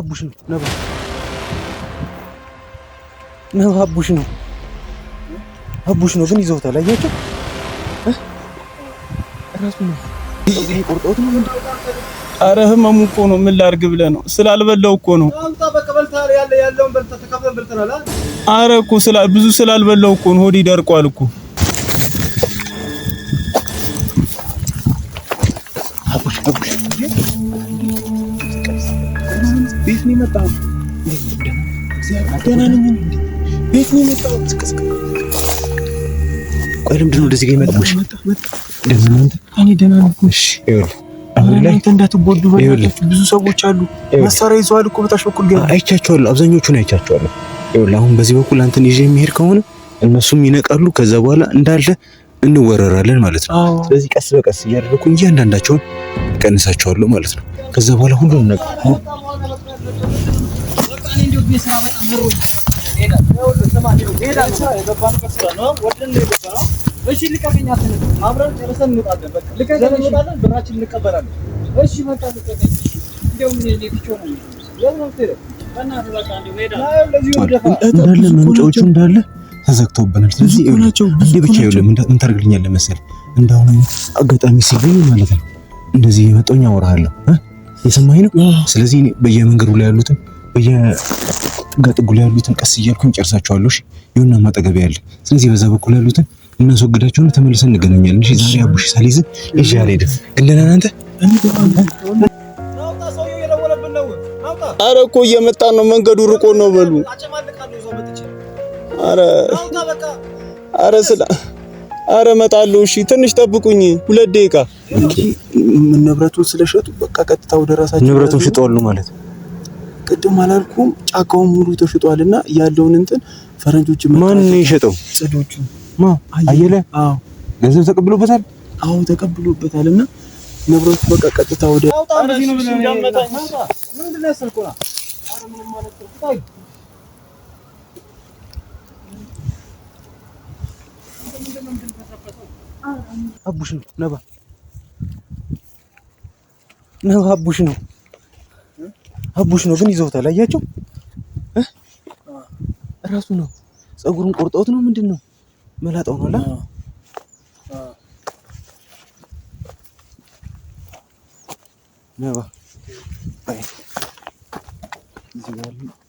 አቡሽ ነው ነባ ነባ አቡሽ ነው አቡሽ ነው ግን ይዘውታል። አያቸው ራሱ ነው ቆርጠውት ነው። አረ ህመሙ እኮ ነው። ምን ላርግ ብለህ ነው? ስላልበላው እኮ ነው። አረ እኮ ብዙ ስላልበላው እኮ ነው። ሆዴ ደርቋል እኮ ደህና ነኝ። ቤት ነው የመጣሁት። ቆይ ለምንድን ነው ወደዚህ የመጣሁት? ደህና ነህ አንተ? እኔ ደህና ነኝ። እሺ ይኸውልህ አሁን እንዳትጎዱ ብዙ ሰዎች አሉ፣ መሳሪያ ይዘዋል እኮ በታች በኩል ገና አይቻቸዋለሁ። አብዛኞቹን አይቻቸዋለሁ። አሁን በዚህ በኩል አንተን ይዤ የሚሄድ ከሆነ እነሱም ይነቃሉ። ከዛ በኋላ እንዳለ እንወረራለን ማለት ነው። ስለዚህ ቀስ በቀስ እያደረኩኝ እያንዳንዳቸውን እቀንሳቸዋለሁ ማለት ነው። ከዛ በኋላ ሁሉንም ነገር የልቤ ስራ በጣም መሮኝ እንዳለ መምጫዎቹ እንዳለ ተዘግተውብናል። ስለዚህ ይኸውልህ እንደ ብቻ ይኸውልህ ምን ታደርግልኛለህ መሰለህ እንዳሁን አጋጣሚ ሲገኝ ማለት ነው እንደዚህ የመጣሁኝ አወራሃለሁ። የሰማኸኝ ነው። ስለዚህ በየመንገዱ ላይ ያሉትን በየጋጥጉ ላይ ያሉትን ቀስ እያልኩኝ ጨርሳቸዋለሁ። እሺ የሆነ ማጠገቢያ ያለ ስለዚህ በዛ በኩል ያሉትን እናስወግዳቸውን ተመልሰን እንገናኛለን። እሺ ዛሬ አቡሽ ሳልይዝ እሺ አልሄድም። እለናን አንተ አረ እኮ እየመጣን ነው፣ መንገዱ ርቆ ነው በሉ። አረ አረ ስለ አረ እመጣለሁ። እሺ ትንሽ ጠብቁኝ፣ ሁለት ደቂቃ። ንብረቱን ስለሸጡ በቃ ቀጥታ ወደ ራሳቸው ንብረቱን ሽጠዋል ማለት ነው። ቅድም አላልኩም? ጫካውን ሙሉ ተሽጧል እና ያለውን እንትን ፈረንጆች ማን ነው የሸጠው? ጽዶቹ ማ አየለ? አዎ ገንዘብ ተቀብሎበታል። አዎ ተቀብሎበታል። እና ንብረቱ በቃ ቀጥታ ወደ አቡሽ ነው ነባ ነባ አቡሽ ነው አቡሽ ነው ግን ይዘውታል። አያቸው ራሱ ነው ፀጉሩን ቆርጠውት ነው ምንድን ነው መላጣው ነው አላ ነባ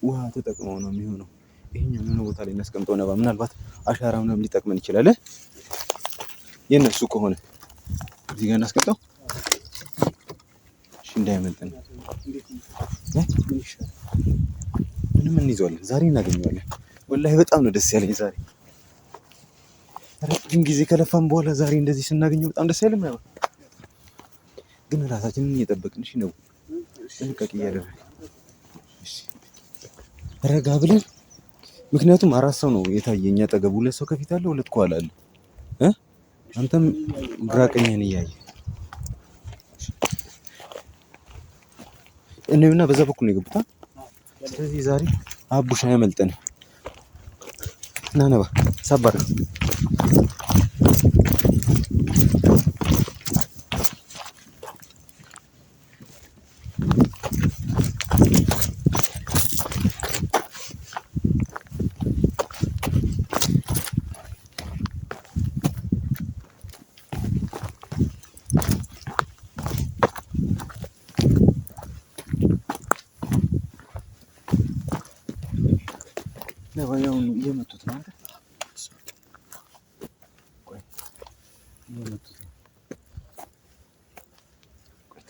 ውሃ ተጠቅመው ነው የሚሆነው። ይሄኛው የሆነ ቦታ ላይ እናስቀምጠው። ነባ ምናልባት አሻራ ምናምን ሊጠቅመን ይችላል። የእነሱ ከሆነ እዚህ ጋር እናስቀምጠው። እንዳይመልጥን ምንም እንይዘዋለን። ዛሬ እናገኘዋለን። ወላሂ በጣም ነው ደስ ያለኝ ዛሬ። ረጅም ጊዜ ከለፋም በኋላ ዛሬ እንደዚህ ስናገኘው በጣም ደስ አይልም ነበር? ግን ራሳችንን እየጠበቅን እሺ፣ ነው ጥንቃቄ እያደረግን ረጋ ብለን ምክንያቱም አራት ሰው ነው የታየኝ አጠገብ፣ ሁለት ሰው ከፊት አለ፣ ሁለት ከኋላ አለ። አንተም ግራ ቀኝህን እያየህ እንዩና በዛ በኩል ነው የገቡት። ስለዚህ ዛሬ ያመልጠን አያመልጠን። ባ። ሳባር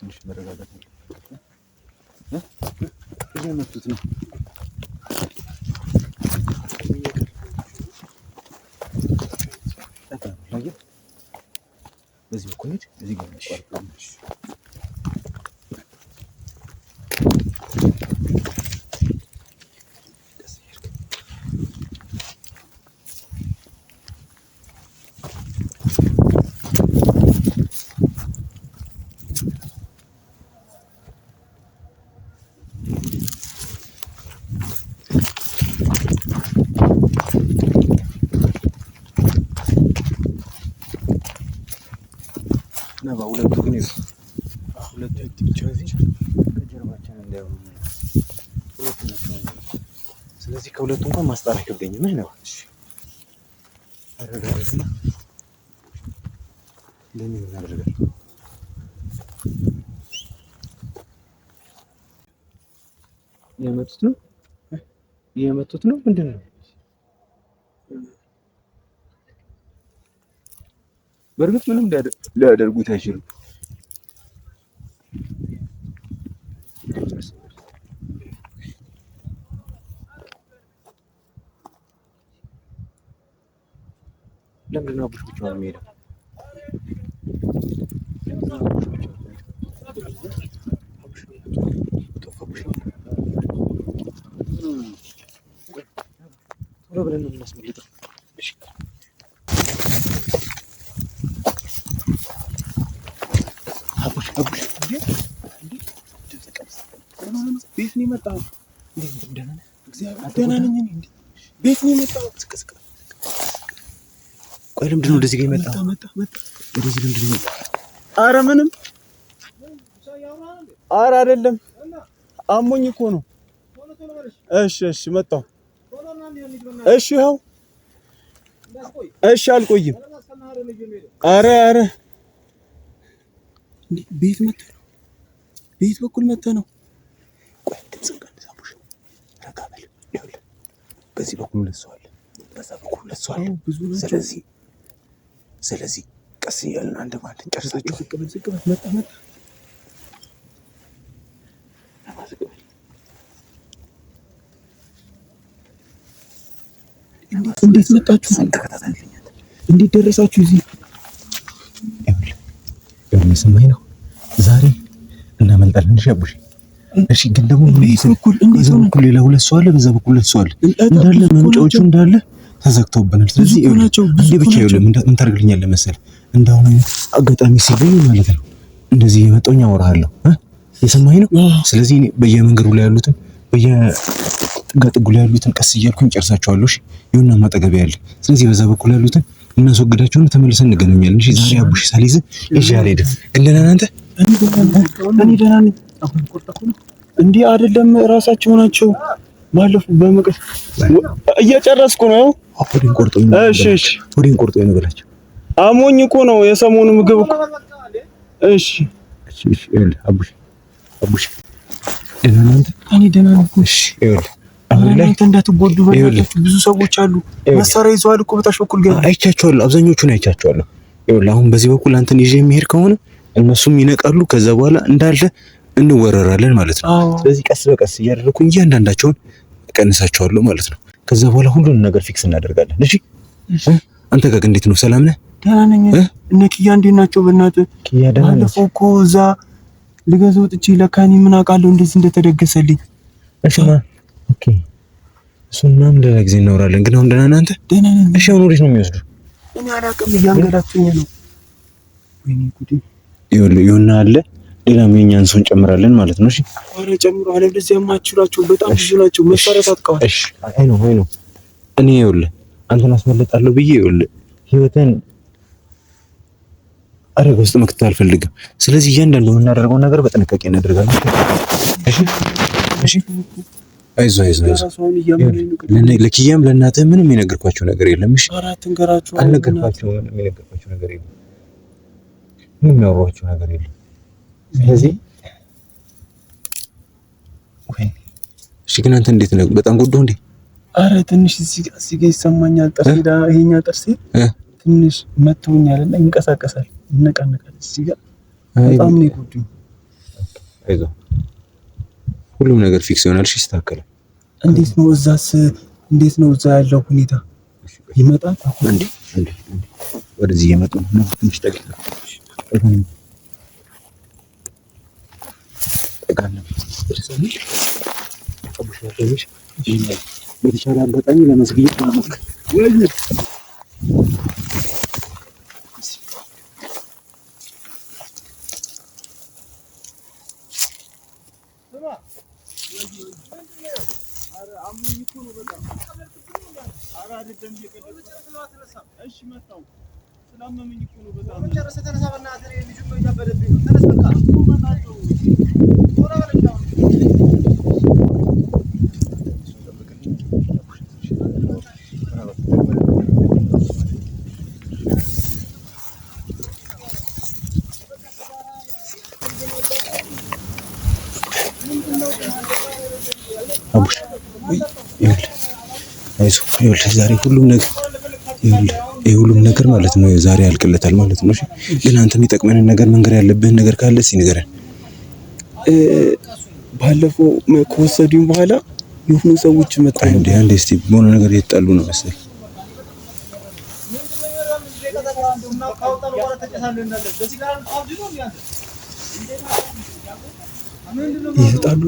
ትንሽ መረጋጋት ነው። እየመቱት ነው። በዚህ በኩል እዚህ ጋር ስለዚህ ከሁለቱ እንኳን ማስጣት ምን ነው እሺ፣ ለምን እናደርጋለን? ነው ነው ምንድን ነው? በእርግጥ ምንም ሊያደርጉት አይችሉም። lembro não, porque não mira. Estou abrindo o nosso medidor. ቤት ነው የመጣው? እግዚአብሔር ደህና ነኝ። ቤት ነው የመጣው? ቅስቅስ ቆይ ለምንድን ነው እንደዚህ ጋር የመጣ? እንደዚህ ለምንድን ነው የመጣ? አረ ምንም አረ አይደለም፣ አሞኝ እኮ ነው። እሺ እሺ፣ መጣሁ። እሺ ይኸው። እሺ አልቆይም። አረ አረ ቤት መጣ ነው፣ ቤት በኩል መጣ ነው። ቆይ ድምፅህን ቀንስ አቡሽ፣ ረጋ በል። በዚህ በኩል ለሰዋል፣ በዛ በኩል ለሰዋል። ብዙ ስለዚህ ስለዚህ ቀስ እያልን አንድ ማለት እንጨርሳቸው። እንዴት መጣችሁ? እንዴት ደረሳችሁ እዚህ? የምሰማኝ ነው ዛሬ እናመልጣለን። እሺ እሺ ግን ደግሞ በዚህ በኩል ሌላ ሁለት ሰው አለ፣ በዛ በኩል ሁለት ሰው አለ። እንዳለ መምጫዎቹ እንዳለ ተዘግቶብናል። ስለዚህ አንዴ ብቻ ይኸውልህ፣ ምን ታደርግልኛለህ መሰለህ? እንደው አጋጣሚ ሲገኝ ማለት ነው እንደዚህ የመጣሁኝ አወራሃለሁ። የሰማኝ ነው። ስለዚህ በየመንገዱ ላይ ያሉትን በየጥጋጥጉ ላይ ያሉትን ቀስ እያልኩኝ ጨርሳቸዋለሁ። እሺ፣ ይሁንና ማጠገቢያ ያለ ስለዚህ በዛ በኩል ያሉትን እናስወግዳቸውን ተመልሰን እንገናኛለን። እሺ፣ ዛሬ አቡሽ ሳሊዝ ይዤ አልሄድም። ግን አንተ? እኔ ደህና ነኝ። እንዲህ አይደለም እራሳቸው ናቸው ማለፉ በመቀስ እየጨረስኩ ነው። ሆዴን ቆርጦኝ ነው። እሺ እሺ፣ ሆዴን ቆርጦኝ ነው ብላችሁ አሞኝ እኮ ነው የሰሞኑ ምግብ እኮ። እሺ እሺ እሺ። ይኸውልህ አቡሽ አቡሽ፣ ደህና ነህ? እኔ ደህና ነኝ። እሺ ይኸውልህ፣ አሁን ላይ እንዳትጎዱ በላችሁ። ብዙ ሰዎች አሉ መሳሪያ ይዘዋል እኮ በታች በኩል ገና አይቻቸዋለሁ። አብዛኞቹን አይቻቸዋለሁ። ይኸውልህ፣ አሁን በዚህ በኩል አንተን ይዤ የሚሄድ ከሆነ እነሱም ይነቃሉ። ከዛ በኋላ እንዳለ እንወረራለን ማለት ነው። ስለዚህ ቀስ በቀስ እያደረኩ እያንዳንዳቸውን እቀንሳቸዋለሁ ማለት ነው። ከዛ በኋላ ሁሉንም ነገር ፊክስ እናደርጋለን። እሺ፣ አንተ ጋር እንዴት ነው? ሰላም ነህ? ደህና ነኝ። እነ ኪያ እንዴት ናቸው? በእናትህ ኪያ ደህና ነች። ባለፈው እኮ እዛ ልገዛ ጥቼ ለካ እኔ ምን አውቃለሁ እንደዚህ እንደተደገሰልኝ። እሺ፣ ኦኬ፣ እሱን ሌላ ጊዜ እናወራለን። ግን አሁን ደህና ነህ አንተ? ደህና ነኝ። እሺ፣ አሁን ወዴት ነው የሚወስዱ? እኔ አላውቅም። እያንገላቱኝ ነው። ወይኔ ጉዴ! ይኸውልህ ይሁን አለ ሌላም የኛን ሰው እንጨምራለን ማለት ነው። እሺ አረ ጨምሩ። አለ እንደዚህ የማትችሏቸው በጣም ብዙ ናቸው። መሰረት እሺ አይ ነው አይ ነው እኔ ይኸውልህ አንተን አስመለጣለሁ ብዬ ይኸውልህ ህይወትን አደጋ ውስጥ መክተት አልፈልግም። ስለዚህ እያንዳንዱ የምናደርገውን ነገር በጥንቃቄ እናደርጋለን። እሺ እሺ አይዞ አይዞ አይዞህ። ለኪያም ለእናትህ ምንም የነገርኳቸው ነገር የለም። እሺ አልነገርኳቸውም። ምንም የነገርኳቸው ነገር የለም። ምንም ያወራኋቸው ነገር የለም። ስለዚህ እሺ፣ ግን አንተ እንዴት ነው? በጣም ጎዶ እንዴ? አረ ትንሽ እዚህ ጋር እዚህ ይሰማኛል። ጥርሴ ዳ ይሄኛው ጥርሴ ትንሽ መቶኛል እና ይንቀሳቀሳል፣ ይነቃነቃል። እዚህ ጋር በጣም ነው ጎዶ። አይዞህ፣ ሁሉም ነገር ፊክስ ይሆናል። እሺ፣ ይስተካከላል። እንዴት ነው እዛስ? እንዴት ነው እዛ ያለው ሁኔታ? ይመጣል እንዴ? ወደዚህ እየመጡ ነው። ትንሽ ጠቅልለው ስለሆነ ጠቡሽ ያደረች ይኛል በተቻለ አጋጣሚ ለመዝግየት ማሞክ ስላመመኝ እኮ ነው በጣም ይኸውልህ ዛሬ ሁሉም ነገር ይኸውልህ ሁሉም ነገር ማለት ነው ዛሬ ያልቅለታል ማለት ነው። እሺ ግን አንተ የሚጠቅመንን ነገር መንገር ያለብህን ነገር ካለ እስኪ ንገረን። ባለፈው ከወሰዱኝ በኋላ የሆኑ ሰዎች መጣ እንዴ? አንዴ እስቲ በሆነ ነገር እየተጣሉ ነው መሰለኝ። እየተጣሉ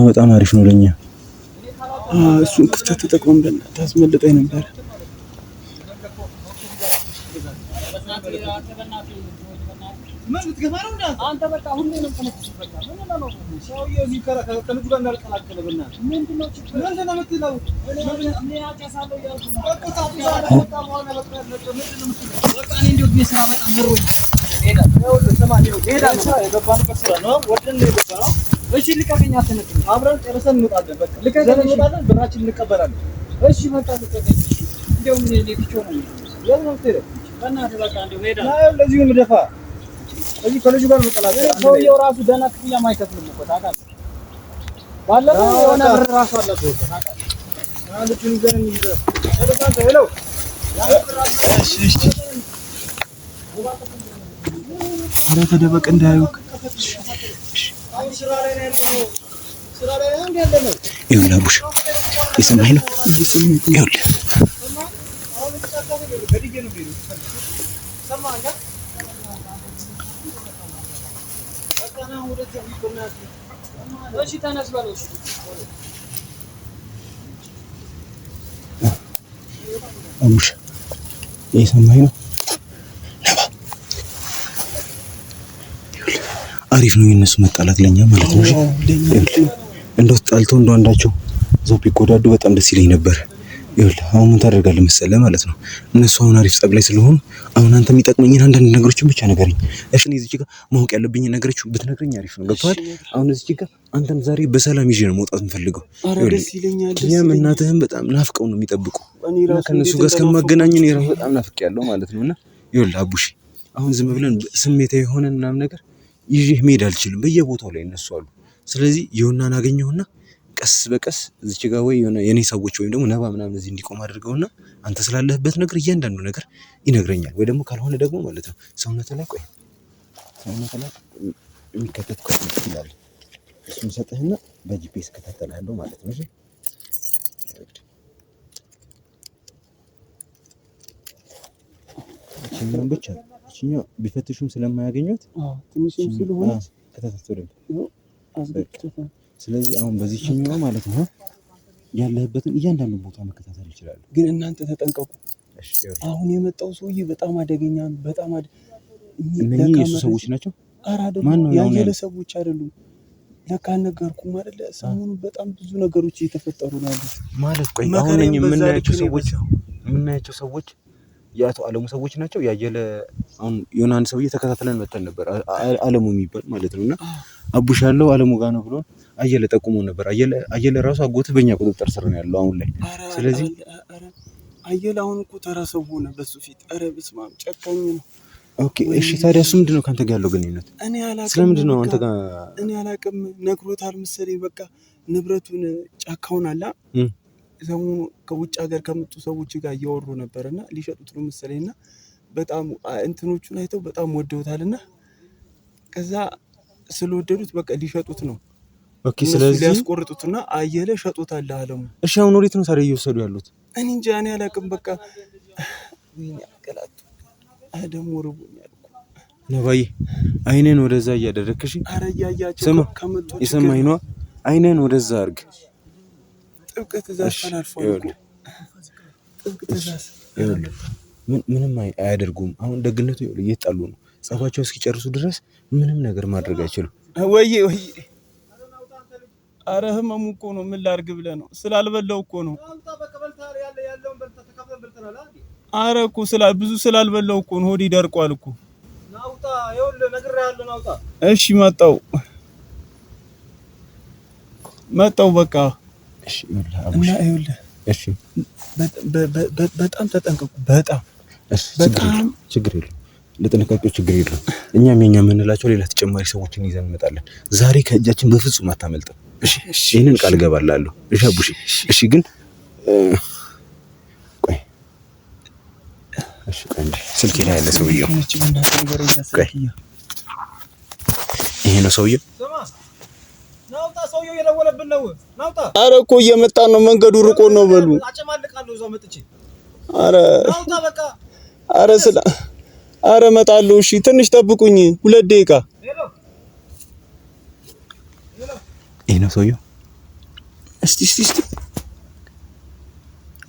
ነው። በጣም አሪፍ ነው ለኛ እሱን ክስተት ተጠቅመን ታስመልጠኝ ነበር። ስራ በጣም እሺ ልቀቀኝ፣ አትነቅም። አብረን ጨርሰን እንወጣለን። በቃ ልቀቀኝ፣ እንወጣለን። ብራችን እንቀበላለን። እሺ መጣ ልቀቀኝ። እንደው ምን እኔ ብቻ ነው ነው ተረ በእናትህ በቃ እንደው ሄዳ ላይ ለዚህ ምደፋ እዚህ ከልጁ ጋር መቀላቀል ሰውየው ራሱ ደህና ክፍያ ማይከፍልም እኮ ታውቃለህ። ባለፈው የሆነ ብር ራሱ አለበት ታውቃለህ። ልጁን ይዘን እንሂድ። ሄሎ ኧረ ተደበቅ እንዳያዩክ ይኸውልህ አቡሽ የሰማኸኝ ነው። ይኸውልህ አቡሽ የሰማኸኝ ነው። አሪፍ ነው የነሱ መጣላት ለኛ ማለት ነው። እንደው ተጣልተው እንደው አንዳቸው እዛው ቢጎዳዱ በጣም ደስ ይለኝ ነበር። ይኸውልህ አሁን ምን ታደርጋለህ መሰለህ ማለት ነው እነሱ አሁን አሪፍ ጸብ ላይ ስለሆኑ አሁን አንተ የሚጠቅመኝን አንዳንድ ነገሮችን ብቻ ነገረኝ። እሺ እኔ እዚህ ጋር ማወቅ ያለብኝ ነገሮች ብትነግረኝ አሪፍ ነው። ገብቶሃል? አሁን እዚህ ጋር አንተን ዛሬ በሰላም ይዤ ነው መውጣት የምፈልገው። ያም እናትህን በጣም ናፍቀው ነው የሚጠብቁ እና ከእነሱ ጋር እስከማገናኝን የራሱ በጣም ናፍቄያለሁ ማለት ነው። እና ይኸውልህ አቡሽ አሁን ዝም ብለን ስሜታዊ የሆነን ምናምን ነገር ይዤህ መሄድ አልችልም። በየቦታው ላይ እነሱ አሉ። ስለዚህ የሆናን አገኘውና ቀስ በቀስ እዚች ጋር ወይ የሆነ የኔ ሰዎች ወይም ደግሞ ነባ ምናምን እዚህ እንዲቆም አድርገውና አንተ ስላለህበት ነገር እያንዳንዱ ነገር ይነግረኛል። ወይ ደግሞ ካልሆነ ደግሞ ማለት ነው ሰውነት ላይ ቆይ ሰውነት ላይ የሚከተት ቆይ ይላል እሱ ሰጥህና በጂፒኤስ ከታተላለሁ ማለት ነው። እሺ ብቻ ነው ይችኛው ቢፈትሹም ስለማያገኙት ትንሽም ስለሆነ ስለዚህ አሁን በዚህኛው ማለት ነው ያለህበትን እያንዳንዱ ቦታ መከታተል ይችላሉ። ግን እናንተ ተጠንቀቁ። አሁን የመጣው ሰውዬ በጣም አደገኛ ነው። በጣም እነኚህ የእሱ ሰዎች ናቸው። ያየለ ሰዎች አይደሉም። ለካ አልነገርኩም አይደለ? ሰሞኑን በጣም ብዙ ነገሮች እየተፈጠሩ ነው ያሉት ማለት ቆይ አሁን የምናያቸው ሰዎች የምናያቸው ሰዎች የአቶ አለሙ ሰዎች ናቸው። ያየለ አሁን የሆነ አንድ ሰውዬ ተከታትለን መተን ነበር፣ አለሙ የሚባል ማለት ነው። እና አቡሽ ያለው አለሙ ጋር ነው ብሎ አየለ ጠቁሞ ነበር። አየለ ራሱ አጎት በእኛ ቁጥጥር ስር ነው ያለው አሁን ላይ። ስለዚህ አየለ አሁን እኮ ተራ ሰው ሆነ በሱ ፊት። ኧረ በስመ አብ ጨካኝ ነው። ኦኬ እሺ፣ ታዲያ እሱ ምንድን ነው ከአንተ ጋር ያለው ግንኙነት? ስለምንድን ነው አንተ ጋር? እኔ ነግሮታል መሰለኝ። በቃ ንብረቱን ጫካውን አላ ሰሞኑ ከውጭ ሀገር ከመጡ ሰዎች ጋር እያወሩ ነበር እና ሊሸጡት ነው መሰለኝ እና በጣም እንትኖቹን አይተው በጣም ወደውታል እና ከዛ ስለወደዱት በቃ ሊሸጡት ነው። ኦኬ ስለዚህ ሊያስቆርጡትና አየለ ሸጦታል አለሙ። እሺ አሁን ወዴት ነው ታዲያ እየወሰዱ ያሉት? እኔ እንጃ እኔ አላውቅም። በቃ ወይኔ አቀላጡ አደሙ ርቦኛል ነባዬ፣ አይነን ወደዛ እያደረግሽ። ኧረ እያያቸው ከመጡ ይሰማኝ ነዋ። አይነን ወደዛ አድርግ ጥብቅ ትእዛዝ ተላልፏል ምንም አያደርጉም። አሁን ደግነቱ እየጣሉ ነው። ጸባቸው እስኪጨርሱ ድረስ ምንም ነገር ማድረግ አይችሉም። ወይ ወይዬ፣ ኧረ ህመሙ እኮ ነው። ምን ላርግ ብለ ነው? ስላልበላው እኮ ነው። አረ እኮ ብዙ ስላልበላው እኮ ነው። ሆዴ ደርቋል እኮ። እሺ መጣው መጣው በቃ በጣም ተጠንቀቁ። በጣም ችግር የለም ለጥንቃቄው ችግር የለም። እኛም የኛ የምንላቸው ሌላ ተጨማሪ ሰዎችን ይዘን እንመጣለን። ዛሬ ከእጃችን በፍጹም አታመልጥም። ይህንን ቃል ገባላለሁ። እሺ አቡሽ። እሺ ግን ስልኬ ላይ ያለ ሰውየው ይሄ ነው ሰውየው አረ እኮ እየመጣ ነው። መንገዱ ርቆ ነው። በሉ አረ ስለ አረ እመጣለሁ። እሺ ትንሽ ጠብቁኝ፣ ሁለት ደቂቃ። ይሄ ነው ሰውየው። እስቲ እስቲ እስቲ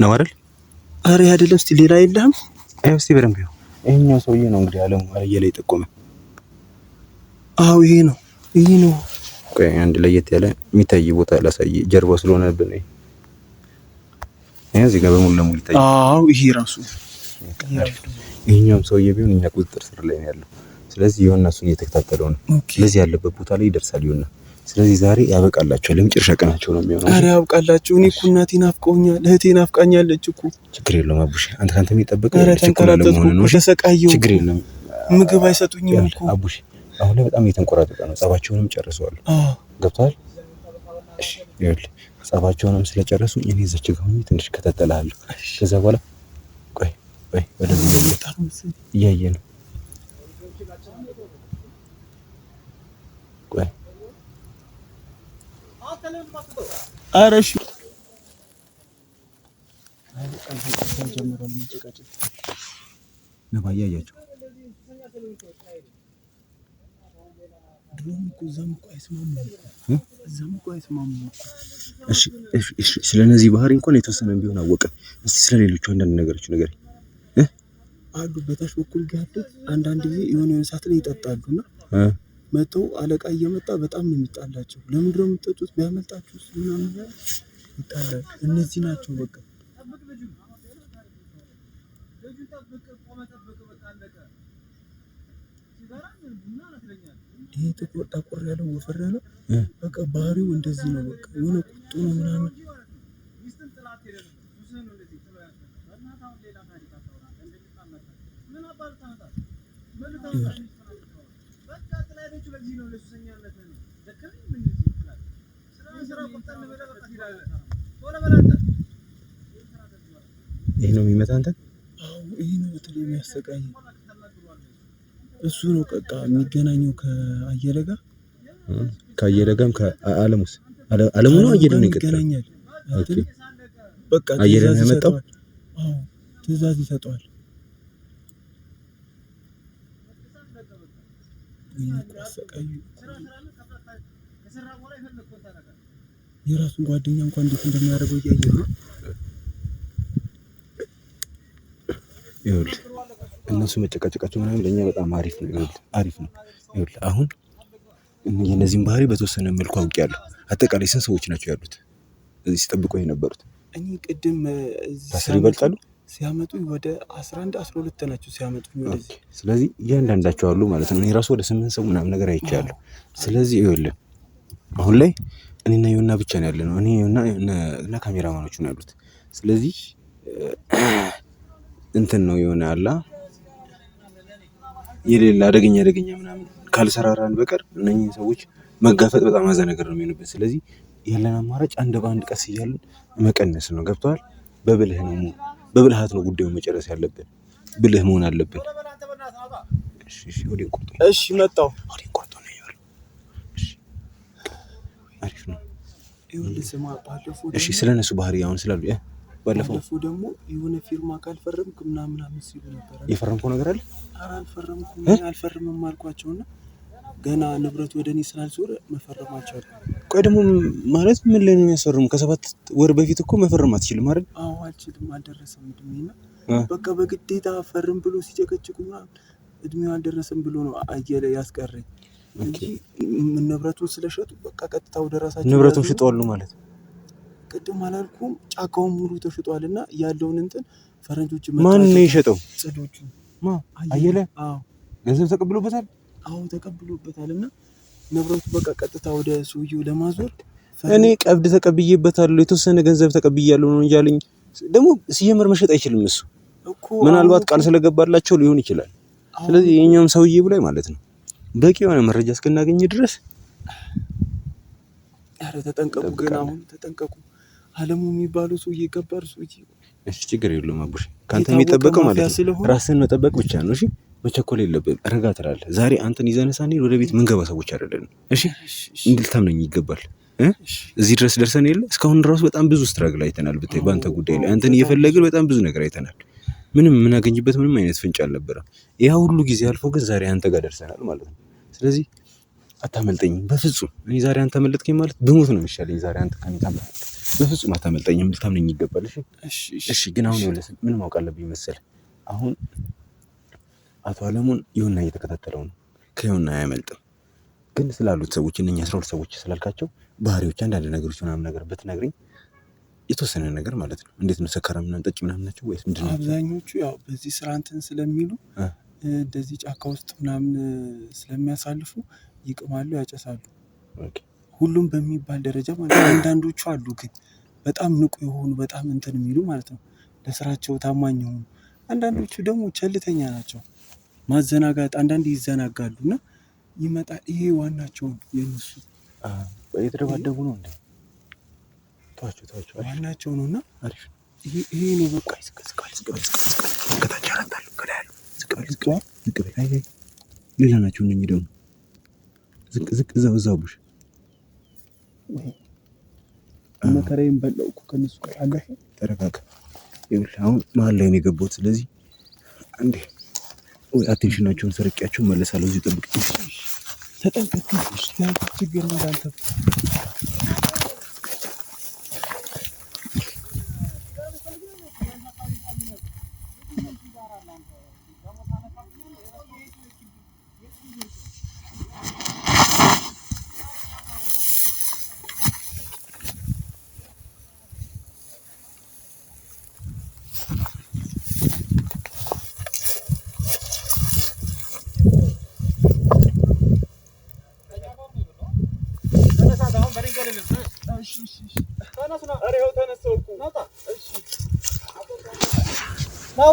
ነው አይደል? አረ አይደለም። እስቲ ሌላ የለም። አይ እስቲ በደንብ ይኸው፣ ይሄኛው ሰውዬ ነው እንግዲህ አለሙ አየለ የጠቆመ። አዎ ይሄ ነው፣ ይሄ ነው አንድ ለየት ያለ የሚታይ ቦታ ላሳይ። ጀርባው ስለሆነብን ይሄ እዚህ ጋር በሙሉ ለሙሉ ይታያል። አዎ ይሄ ራሱ ይሄኛውም ሰውዬ ቢሆን እኛ ቁጥጥር ስር ላይ ነው ያለው። ስለዚህ የሆነ እሱን እየተከታተለው ነው። ስለዚህ ያለበት ቦታ ላይ ይደርሳል ይሆናል። ስለዚህ ዛሬ ያበቃላቸው የመጨረሻ ቀናቸው ነው የሚሆነው። ኧረ ያብቃላችሁ። እኔ እኮ እናቴ ናፍቀውኛል፣ እህቴ ናፍቃኛለች እኮ። ችግር የለውም አቡሽ፣ አንተ ካንተ የሚጠበቅ ችግር የለም። ምግብ አይሰጡኝም እኮ አቡሽ አሁን ላይ በጣም እየተንቆራጠጠ ነው። ጸባቸውንም ጨርሰዋል። ገብተዋል። እሺ ይኸውልህ ጸባቸውንም ስለጨረሱ እኔ እዛች ጋር ሆኜ ትንሽ ከተጠላለሁ። ከዛ በኋላ ቆይ ቆይ ወደዚህ እያየ ነው። ቆይ ኧረ እሺ ነባ እያያቸው ስለነዚህ ባህሪ እንኳን የተወሰነ ቢሆን አወቀ። እስቲ ስለሌሎቹ አንዳንድ ነገሮች ነገር አሉ። በታች በኩል ያሉ አንዳንድ ጊዜ የሆነ ሰዓት ላይ ይጠጣሉ እና መተው አለቃ እየመጣ በጣም ነው የሚጣላቸው። ለምንድን ነው የምጠጡት? ቢያመልጣችሁ ይጣላሉ። እነዚህ ናቸው በቃ ይሄ ጥቁር ጠቁር ያለው ወፈር ያለው በቃ ባህሪው እንደዚህ ነው። በቃ የሆነ ቁጡ ነው ምናምን። ይህ ነው የሚመታ አንተ? ይህ ነው በተለይ የሚያሰቃኝ እሱ ነው በቃ የሚገናኘው ከአየለ ጋር ከአየለ ጋርም ከአለም ውስጥ አለሙ ነው አየለ ነው ይገናኛል። በቃ አየለ ነው ያመጣው። አዎ ትዕዛዝ ይሰጠዋል። የራሱን ጓደኛ እንኳን እንዴት እንደሚያደርገው እያየ ነው። እነሱ መጨቃጨቃቸው ምናምን ለእኛ በጣም አሪፍ ነው አሪፍ ነው። አሁን የእነዚህም ባህሪ በተወሰነ መልኩ አውቄያለሁ። አጠቃላይ ስንት ሰዎች ናቸው ያሉት እዚህ ሲጠብቁ የነበሩት? እኔ ቅድም አስር ይበልጣሉ ሲያመጡ ወደ አስራ ሁለት ናቸው ሲያመጡ። ስለዚህ እያንዳንዳቸው አሉ ማለት ነው። እኔ ራሱ ወደ ስምንት ሰው ምናምን ነገር አይቻለሁ። ስለዚህ ይኸውልህ አሁን ላይ እኔና ዮና ብቻ ነው ያለ ነው። እኔ እና ካሜራማኖች ነው ያሉት። ስለዚህ እንትን ነው የሆነ አላ የሌለ አደገኛ አደገኛ ምናምን ካልሰራራን በቀር እነኝህን ሰዎች መጋፈጥ በጣም አዛ ነገር ነው የሚሆንበት። ስለዚህ ያለን አማራጭ አንድ በአንድ ቀስ እያለን መቀነስ ነው። ገብተዋል። በብልህ ነው በብልሃት ነው ጉዳዩ መጨረስ ያለብን። ብልህ መሆን አለብን። እሺ እሺ ስለ እነሱ ባህሪ አሁን ስላሉ ባለፈው ደግሞ የሆነ ፊርማ ካልፈረምክ ምናምን አምስት ሲሉ ነበር። የፈረምከው ነገር አለ? ኧረ አልፈረምኩም፣ አልፈርምም አልኳቸውና ገና ንብረት ወደ እኔ ስላልዞረ መፈረማቸው አለ። ቆይ ደግሞ ማለት ምን ላይ ነው የሚያስፈርሙ? ከሰባት ወር በፊት እኮ መፈረም አትችልም አይደል? አዎ አልችልም፣ አልደረሰም እድሜና በቃ በግዴታ ፈርም ብሎ ሲጨቀጭቁ እድሜው አልደረሰም ብሎ ነው አየለ ያስቀረኝ እንጂ ንብረቱን ስለሸጡ በቃ ቀጥታ ወደ ራሳቸው ንብረቱን ሽጠዋሉ ማለት ነው ቅድም አላልኩም? ጫካውን ሙሉ ተሽጧል እና ያለውን እንትን ፈረንጆች ማን ነው የሸጠው? ጽዶቹ አየለ ገንዘብ ተቀብሎበታል። አዎ ተቀብሎበታል። እና ንብረቱ በቃ ቀጥታ ወደ ሰውየው ለማዞር እኔ ቀብድ ተቀብዬበታለሁ፣ የተወሰነ ገንዘብ ተቀብያለሁ ነው እያለኝ ደግሞ ሲጀምር መሸጥ አይችልም እሱ ምናልባት ቃል ስለገባላቸው ሊሆን ይችላል። ስለዚህ የኛውም ሰውዬ ብላይ ማለት ነው በቂ የሆነ መረጃ እስክናገኝ ድረስ ተጠንቀቁ፣ ግን አሁን ተጠንቀቁ። አለሙ የሚባለው ሰውዬ ገባር ሰውዬ። እሺ ችግር የለውም አቡሽ፣ ከአንተ የሚጠበቀው ማለት ነው ራስህን መጠበቅ ብቻ ነው። እሺ መቸኮል የለብህም። ረጋ ትላለህ። ዛሬ አንተን ይዘነሳ እንሂድ ወደ ቤት ምንገባ ሰዎች አይደለንም። እሺ እንድልታምነኝ ይገባል። እዚህ ድረስ ደርሰን የለ እስካሁን ራሱ በጣም ብዙ ስትራግል አይተናል። ብታይ በአንተ ጉዳይ ላይ አንተን እየፈለግን በጣም ብዙ ነገር አይተናል። ምንም የምናገኝበት ምንም አይነት ፍንጭ አልነበረም። ያ ሁሉ ጊዜ አልፎ ግን ዛሬ አንተ ጋር ደርሰናል ማለት ነው። ስለዚህ አታመልጠኝም በፍጹም። እኔ ዛሬ አንተ መለጥከኝ ማለት ብሞት ነው የሚሻለኝ። ዛሬ አንተ ከኔ ታመልጥ በፍጹም አታመልጠኝም፣ ልታምነኝ ይገባል። እሺ ግን አሁን ይኸውልህ ምን ማወቅ አለብኝ መሰለህ፣ አሁን አቶ አለሙን ይሁና እየተከታተለው ነው። ከይሁና አያመልጥም። ግን ስላሉት ሰዎች እነኛ አስራ ሁለት ሰዎች ስላልካቸው ባህሪዎች፣ አንዳንድ ነገሮች ምናምን ነገር ብትነግሪኝ የተወሰነ ነገር ማለት ነው። እንዴት ነው ሰካራም ምናምን ጠጭ ምናምን ናቸው ወይስ ምንድን ነው? አብዛኞቹ ያው በዚህ ስራ እንትን ስለሚሉ እንደዚህ ጫካ ውስጥ ምናምን ስለሚያሳልፉ ይቅማሉ፣ ያጨሳሉ። ኦኬ ሁሉም በሚባል ደረጃ ማለት ነው። አንዳንዶቹ አሉ ግን በጣም ንቁ የሆኑ በጣም እንትን የሚሉ ማለት ነው ለስራቸው ታማኝ የሆኑ አንዳንዶቹ ደግሞ ቸልተኛ ናቸው። ማዘናጋት አንዳንድ ይዘናጋሉ እና ይመጣ ይሄ ዋናቸውን የነሱ የተደባደቡ ነው እንዴ? ተዋቸው ተዋቸው ዋናቸው ነው እና አሪፍ ይሄ ነው በቃ ሌላ ናቸው እነኚህ ደግሞ ዝቅ ዝቅ እዛው እዛው ቡሽ መከራዬን በላው እኮ ከነሱ ጋር አለፈ። ተረጋጋ። ይኸውልህ አሁን መሀል ላይ ነው የገባሁት። ስለዚህ አንዴ ወይ አቴንሽናቸውን ሰርቄያቸው መለሳለሁ። እዚህ ጠብቅ። ተጠንቀቅ። ችግር እንዳንተ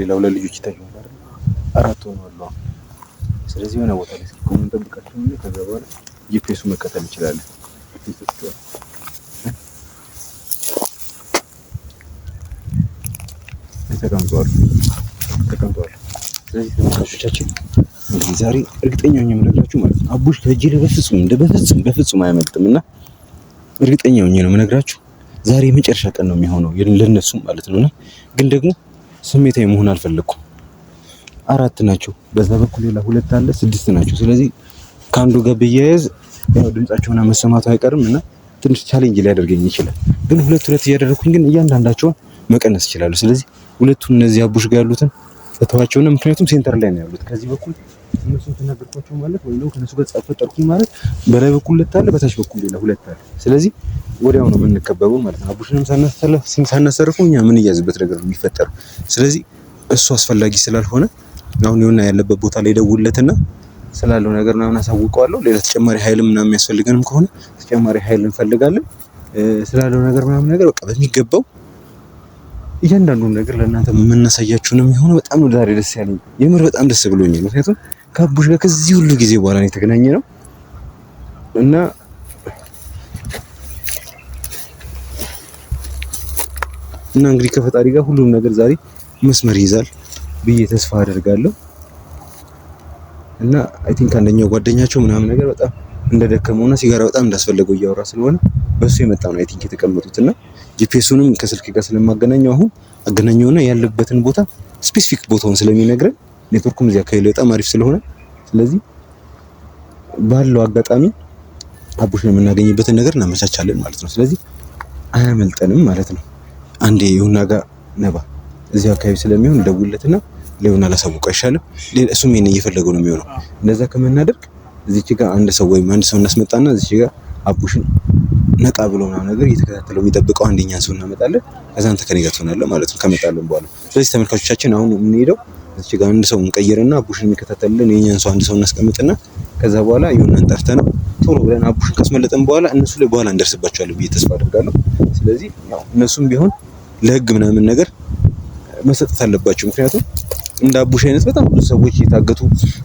ሌላ ሁለት ልጆች ይታዩኛል አራት ስለዚህ የሆነ ቦታ ላይ ስልክ እንጠብቃቸው እና ከዛ በኋላ ጂፒኤሱ መከተል እንችላለን። ተቀምጠዋል ተቀምጠዋል። ስለዚህ ተመልካቾቻችን እንግዲህ ዛሬ እርግጠኛ ሆኜ የምነግራችሁ ማለት ነው አቡሽ ከእጄ ላይ በፍጹም እንደ በፍጹም በፍጹም አያመልጥም እና እርግጠኛ ሆኜ ነው የምነግራችሁ ዛሬ የመጨረሻ ቀን ነው የሚሆነው ለእነሱም ማለት ነው እና ግን ደግሞ ስሜታዊ መሆን አልፈለኩም። አራት ናቸው፣ በዛ በኩል ሌላ ሁለት አለ፣ ስድስት ናቸው። ስለዚህ ከአንዱ ጋር ብያያዝ ያው ድምጻቸውን መሰማቱ አይቀርም እና ትንሽ ቻሌንጅ ሊያደርገኝ ይችላል። ግን ሁለት ሁለት ያደረኩኝ ግን እያንዳንዳቸውን መቀነስ ይችላሉ። ስለዚህ ሁለቱን እነዚህ አቡሽ ጋር ያሉትን እተዋቸውና ምክንያቱም ሴንተር ላይ ነው ያሉት ከዚህ በኩል እነሱ ተናገርኳቸው ማለት ወይ ነው ከነሱ ጋር ፈጠርኩኝ ማለት በላይ በኩል ሁለት አለ፣ በታች በኩል ሌላ ሁለት አለ። ስለዚህ ወዲያው ነው የምንከበበው ማለት ነው። አቡሽንም ሳናሰርፉ እኛ ምን እያዝበት ነገር ነው የሚፈጠር። ስለዚህ እሱ አስፈላጊ ስላልሆነ አሁን የሆነ ያለበት ቦታ ላይ ደውለትና ስላለው ነገር ምናምን አሳውቀዋለሁ። ሌላ ተጨማሪ ኃይል ምናምን የሚያስፈልገንም ከሆነ ተጨማሪ ኃይል እንፈልጋለን። ስላለው ነገር ምናምን ነገር በቃ በሚገባው እያንዳንዱን ነገር ለእናንተ የምናሳያችሁንም የሆነ በጣም ዛሬ ደስ ያለኝ የምር በጣም ደስ ብሎኛል ምክንያቱም ከአቡሽ ጋር ከዚህ ሁሉ ጊዜ በኋላ ነው የተገናኘ ነው እና እና እንግዲህ ከፈጣሪ ጋር ሁሉም ነገር ዛሬ መስመር ይይዛል ብዬ ተስፋ አደርጋለሁ። እና አይ ቲንክ አንደኛው ጓደኛቸው ምናምን ነገር በጣም እና ሲጋራ በጣም እንዳስፈለገው እያወራ ስለሆነ በሱ የመጣ ነው አይ ቲንክ የተቀመጡት። እና ጂፒኤሱንም ከስልክ ጋር ስለማገናኘው አሁን አገናኘውና ያለበትን ቦታ ስፔሲፊክ ቦታውን ስለሚነግረን ኔትወርኩም እዚህ አካባቢ በጣም አሪፍ ስለሆነ ስለዚህ ባለው አጋጣሚ አቡሽን የምናገኝበትን ነገር እናመቻቻለን ማለት ነው። ስለዚህ አያመልጠንም ማለት ነው። አንዴ ይሁና ጋር ነባ እዚህ አካባቢ ስለሚሆን ደውለትና ለይሁን አላሳውቅ አይሻልም? እሱም ይሄን እየፈለገው ነው የሚሆነው። እንደዛ ከምናደርግ እዚች ጋር አንድ ሰው ወይም አንድ ሰው እናስመጣና እዚች ጋር አቡሽን ነቃ ብሎ ምናምን ነገር እየተከታተለው የሚጠብቀው አንድኛ ሰው እናመጣለን። ከዛ አንተ ከኔ ጋር ትሆናለህ ማለት ነው ከመጣለን በኋላ። ስለዚህ ተመልካቾቻችን አሁን የምንሄደው እዚህ ጋር አንድ ሰው እንቀይርና አቡሽን የሚከታተልልን የኛን ሰው አንድ ሰው እናስቀምጥና ከዛ በኋላ የሆነን ጠርተን ቶሎ ብለን አቡሽን ካስመለጠን በኋላ እነሱ ላይ በኋላ እንደርስባቸዋለን ብዬ ተስፋ አደርጋለሁ። ስለዚህ ያው እነሱም ቢሆን ለህግ ምናምን ነገር መሰጠት አለባቸው። ምክንያቱም እንደ አቡሽ አይነት በጣም ብዙ ሰዎች እየታገቱ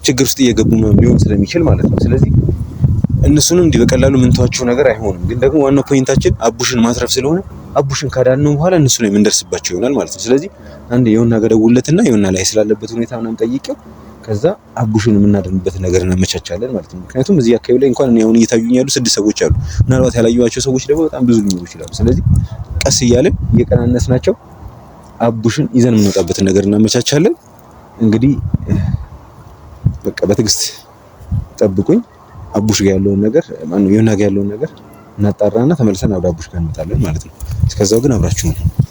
ችግር ውስጥ እየገቡ ሊሆን ስለሚችል ማለት ነው። ስለዚህ እነሱንም እንዲህ በቀላሉ ምንተዋቸው ነገር አይሆንም። ግን ደግሞ ዋናው ፖይንታችን አቡሽን ማትረፍ ስለሆነ አቡሽን ነው በኋላ እነሱ ላይ የምንደርስባቸው ይሆናል ማለት ነው። ስለዚህ አንድ የሆነ ነገር ደውለትና የሆነ ላይ ስላለበት ሁኔታ ምናምን ጠይቄው ከዛ አቡሽን የምናድንበት ነገር እናመቻቻለን ማለት ነው። ምክንያቱም እዚህ አካባቢ ላይ እንኳን አሁን እየታዩኝ ያሉ ስድስት ሰዎች አሉ። ምናልባት ያላየኋቸው ሰዎች ደግሞ በጣም ብዙ ሊኖሩ ይችላሉ። ስለዚህ ቀስ እያለን እየቀናነስ ናቸው አቡሽን ይዘን የምንወጣበትን ነገር እናመቻቻለን። እንግዲህ በቃ በትዕግስት ጠብቁኝ። አቡሽ ጋር ያለውን ነገር ማነው የሆነ ጋር ያለውን ነገር እናጣራና ተመልሰን አብዳቡሽ ጋር እንመጣለን ማለት ነው። እስከዛው ግን አብራችሁ ነው